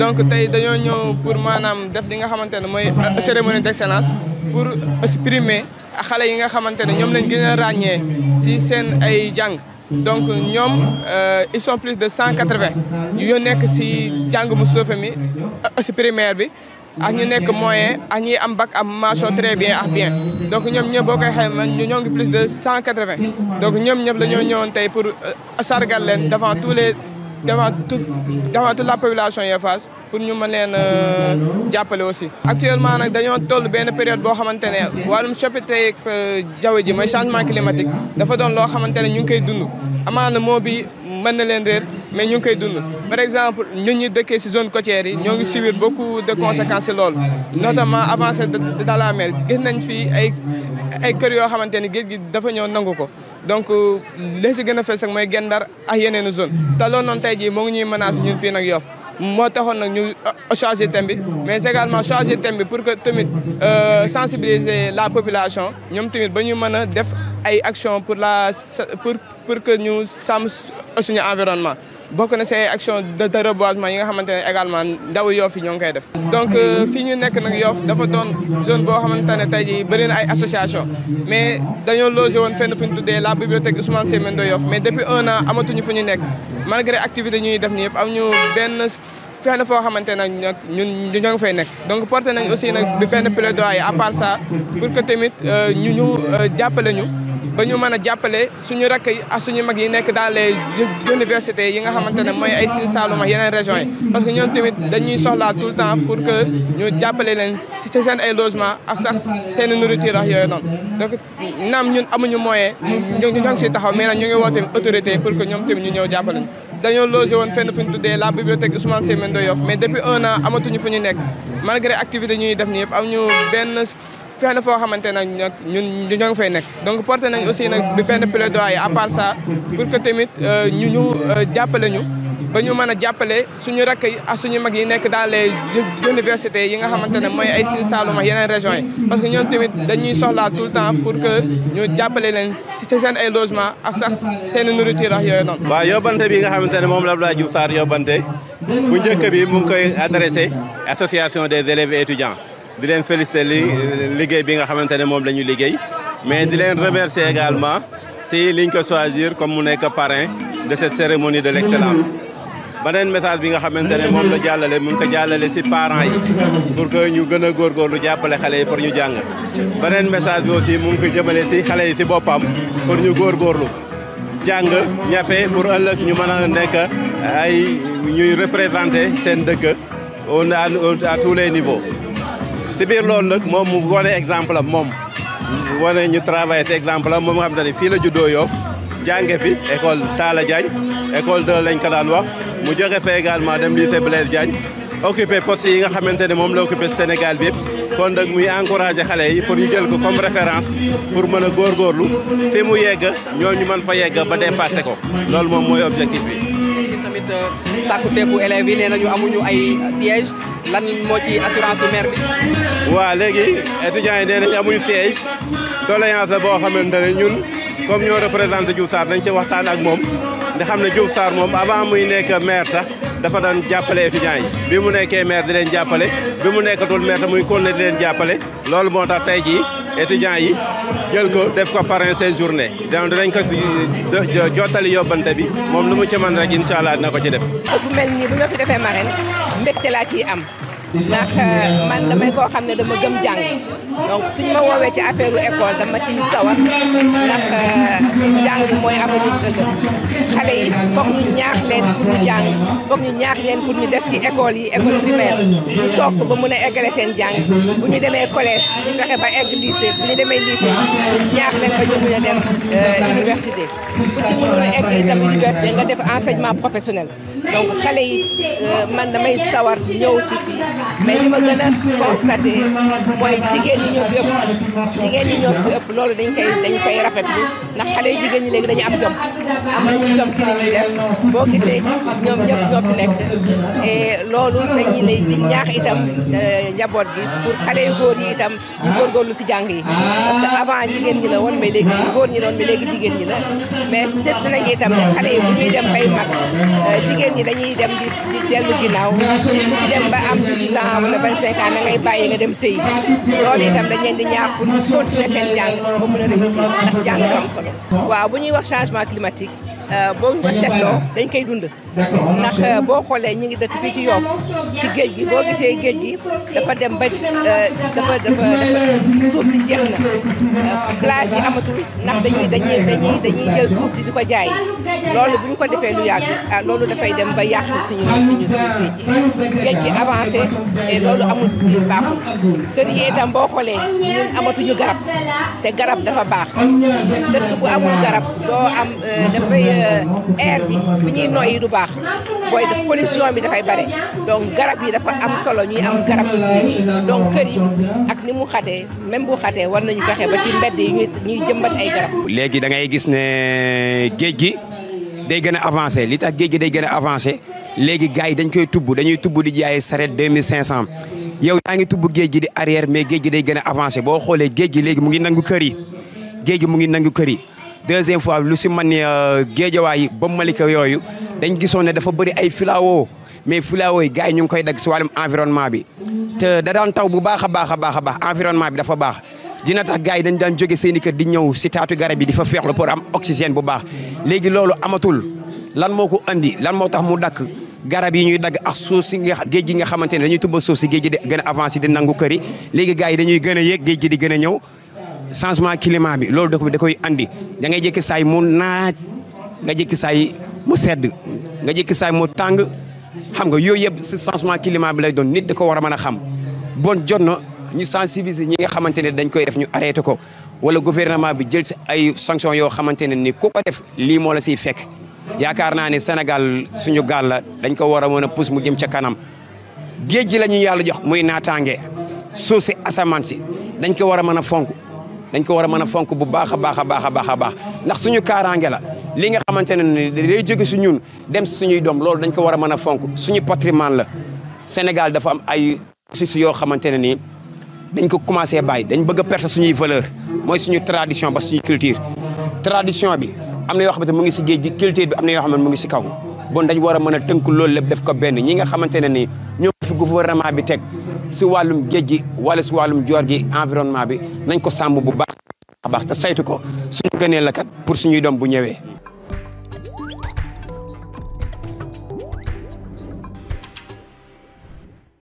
donc tey dañoo ñëw pour maanaam def li nga xamante ne mooy cérémonie d'excellence pour exprimer xale yi nga xamante ne ñoom lañ gën a ràññee si seen ay jàng donc ñoom euh, ils sont plus de cent quatre vingt yu nekk si jàng mu suufe mi si euh, primaire bi ak ñu nekk mooyen ak ñuy am bac am mention très bien ak bien donc ñoom ñëpp boo koy xayma ñoo ngi plus de cent quatre vingt donc ñoom ñëpp dañoo ñëwoon tey pour euh, sargal leen devant tous les devant tout devant toute la population Yofas pour ñu mën leen euh, jàppale aussi. actuellement nag dañoo toll benn période boo xamante ne wàllum coppite euh, jaww ji mooy changement climatique dafa doon loo xamante ne ñu ngi koy dund amaana moo bi mën na leen mais ñu ngi koy dund par exemple ñun ñu dëkkee si zone côtière yi ñoo ngi subir beaucoup de conséquences si loolu notamment avancée de la mer gis fi ay ay kër yoo xamante ni géej gi dafa ñëw nangu ko donc euh, li si gën a fees ak mooy Gendar ak yeneen zone te loolu noonu tey jii moo ngi ñuy menacé ñun fii nag Yoff moo taxoon nag ñu euh, changer thème bi mais également changer thème bi pour que tamit euh, sensibiliser la population ñoom tamit ba ñuy mën a def ay action pour la pour pour que ñu sàmm suñu environnement bokk na si ay action de de reboisement yi nga xamante ne également ndaw Yoff yi ñoo ngi koy def. donc euh, fi ñu nekk nag Yoff dafa doon zone boo xamante ne tey jii bëri na ay association mais dañoo logé woon fenn fu ñu tuddee la bibliothèque Ousmane Sembène Yoff mais depuis un an amatuñu fu ñu nekk malgré activité ñuy def nii yëpp am ñu benn. fenn foo xamante na ñun ñoo ngi fay nekk donc porté nañ aussi nag benn plaidoyer à part ça pour que tamit euh, ñu ñu euh, jàppale ñu ba ñu mën a jàppale suñu rakk yi ak suñu mag yi nekk dans les universités yi nga xamante ne mooy ay Sine Saalum ak yeneen régions yi parce que ñoom tamit dañuy soxlaa tout le temps pour que ñu jàppale leen si seen ay logement ak sax seen nourriture ak yooyu noonu donc naam ñun amuñu moyen ñu ngi si taxaw mais nag ñu ngi woote autorité pour que ñoom tamit ñu ñëw jàppale dañoo logé woon fenn fu ñu tuddee la bibliothèque Ousmane Sembène Ndoye Yoff mais depuis un an amatuñu nekk malgré activité ñuy def nii yëpp amuñu benn fenn foo xamante nag nag ñun ñoo ngi fay nekk donc porté nañ aussi nag bi benn plaidoyer a part ça pour que tamit euh, ñu ñu euh, jàppale ñu ba ñu mën a jàppale suñu rakk yi suñu mag yi nekk dans les universités yi nga xamante ne mooy ay Sine Saloum ak yeneen régions yi parce que ñoom tamit dañuy soxlaa tout le temps pour que ñu jàppale leen si seen ay logement sax seen i nourriture ak yooyu noonu. waaw bi nga xamante ne moom la Abdoulaye Diouf Sarr yóbbante bu njëkk bi mu ngi koy adressé association des élèves et étudiants. di leen féliciter li liggéey bi nga xamante ne moom la ñu liggéey mais di leen remercier également si liñ ko choisir comme mu nekk parrain de cette cérémonie de l'excellence beneen message bi nga xamante ne moom la jàllale mu ngi ko si parents yi pour que ñu gën a lu jàppale xale yi pour ñu jàng beneen message bi aussi mu ngi ko jëmale si xale yi si boppam pour ñu góor góorgóorlu jàng ñafe pour ëllëg ñu mën a nekk ay ñuy représenter seen dëkk au à tous les niveaux ci biir loolu nag moom mu wone exemple am moom wane ñu travaillé te exemple moom nga xam te fii la juddoo Yoff jànge fi école Talla Diagne école de lañ ko daan wax mu joxe fa également dem lycée Blaise Diagne occupé poste yi nga xamante ne moom la occupé Sénégal bi yëpp kon nag muy encouragé xale yi pour ñu jël ko comme référence pour mën a góorgóorlu fi mu yegg ñooñu man fa yegg ba dépassé ko loolu moom mooy objectif bi. tamit euh, sàkkuteefu élèves yi nee nañu amuñu ay siège lan moo ci assurance su maire bi. waaw léegi étudiants yi nee nañ amuñu siège doléance la boo xamante ne ñun comme ñoo représenté Diouf Sarr dañ ci waxtaan ak moom nga xam ne Diouf Sarr moom avant muy nekk maire sax dafa doon jàppale étudiants yi. bi mu nekkee maire di leen jàppale bi mu nekkatul maire muy continuer di leen jàppale loolu moo tax tey jii étudiants yi. jël ko def ko parrain seen journée donc dinañ ko jottali yóbbante bi moom lu mu ci man rek incha allah dina ko ci def. ko fi defee am. ndax euh, man damay koo xam ne dama gëm jàng donc suñ ma woowee ci affaire u école dama ci sawar ndax euh, jàng mooy avenir ëllëg xale yi foog ñu ñaax leen pour ñu ci école yi école a eggale seen jàng bu ñu demee collège ñu fexe ba egg bu ñu demee lycée ñaax ba ñu mun a dem euh, université bu ci mun a egg itam université nga def enseignement professionnel donc xale yi man damay sawar ñëw ci fii mais li ma gën a constaté mooy jigéen ñi ñoo fi ëpp jigéen ëpp loolu dañ koy dañ koy rafetlu ndax xale yu jigéen ñi léegi dañu am jom am nañu boo gisee ñoom ñëpp ñoo fi nekk et loolu dañuy lay di ñaax itam euh, njaboot gi pour xale yu góor yi itam ñu góorgóorlu jàng yi parce que avant jigéen ñi la woon mais léegi ñi la woon mais léegi jigéen ñi la mais seetlu nañu itam ne xale yi bu ñuy dem bay mag euh, jigéen ñi dañuy dem di di bu ñu ba am 18 ans na 25 ans da ngay bàyyi nga dem sëy loolu itam dañ leen di ñaax pour ñu continuer seen jàng ba mën a réussir ndax jàng dafa am solo waaw bu ñuy wax changement climatique euh, boo ko seetloo dañ koy dund ndax euh, boo xoolee ñu ngi dëkk fii ci Yoff ci géej gi boo gisee géej gi dafa dem ba euh, dafa dafa suuf si jeex na plage yi amatul ndax dañuy dañuy dañuy dañuy jël suuf si di ko jaay loolu bu ñu ko defee lu yàgg ah loolu dafay dem ba yàqu suñu suñu suñu géej gi géej gi avancé te loolu amul suñu baaxul kër yi itam boo xoolee ñun amatuñu garab te garab dafa baax dëkk bu amul garab doo am euh, dafay air bi bu ñuy noyyi du baax booy def pollution bi dafay bare donc garab yi dafa am solo ñuy am garab aussi donc kër ak ni mu xatee même bu xatee war nañu fexe ba ci mbedd yi ñuy jëmbat ay garab. léegi da ngay gis ne géej gi day gën a avancé li tax géej gi day gën a avancé léegi gars yi dañ koy tubb dañuy tubb di jaay saret 2500 yow yaa ngi tubb géej gi di arrière mais géej gi day gën a avancé boo xoolee géej gi léegi mu ngi nangu kër yi géej gi mu ngi nangu kër yi. deuxième fois lu si man ni euh, géejawaay ba malika yooyu dañ gisoon ne dafa bëri ay filao mais filao yi gars yi ñu ngi koy dagg si wàllum environnement bi te da daan taw bu baax a baax a baax a baax environnement bi dafa baax dina tax gars yi dañ daan jóge seen i kër di ñëw si taatu garab yi di fa feexlu pour am oxygène bu baax léegi loolu amatul lan moo ko andi lan moo tax mu dakk garab yi ñuy dagg ak suuf si nga géej gi nga xamante ne dañuy tubba suuf si géej gi gën a avancé di nangu kër yi léegi gars yi dañuy gën a yéeg géej gi di gën a ñëw changement climat bi loolu dëkk da koy andi da ngay jékki saay mu naaj nga jékki saay mu sedd nga jékki saay mu tàng xam nga yooyu yëpp si changement climat bi lay doon nit da ko war a mën a xam bon jot na ñu sensibiliser ñi nga xamante ne dañ koy def ñu arrêté ko wala gouvernement bi jël si ay sanctions yoo xamante ne ni ku ko def lii moo siy fekk yaakaar naa ne Sénégal suñu gaal dañ ko war a mën a pousse mu jëm ca kanam géej gi ñu yàlla jox muy naataange suuf si asamaan si dañ ko war a mën a fonk dañ ko war a mën a fonk bu baax a baax a baax a baax a baax ndax suñu kaaraange la li nga xamante ne ni jóge su dem suñuy doom loolu dañ ko war a mën a fonk suñu patrimoine la Sénégal dafa am ay suuf yoo xamante ne nii dañ ko commencé bàyyi dañ bëgg a perte suñuy valeur mooy suñu tradition ba suñu culture tradition bi am na yoo xamante mu ngi si géej gi culture bi am na yoo xam ne mu ngi si kaw bon dañ war a mën a loolu lépp def ko benn ñi nga xamante ne nii ñoo fi gouvernement bi teg si wàllum géej gi wala si wàllum joor gi environnement bi nañ ko sàmm bu baax a baax te saytu ko suñu gënee la kat pour suñuy doom bu ñëwee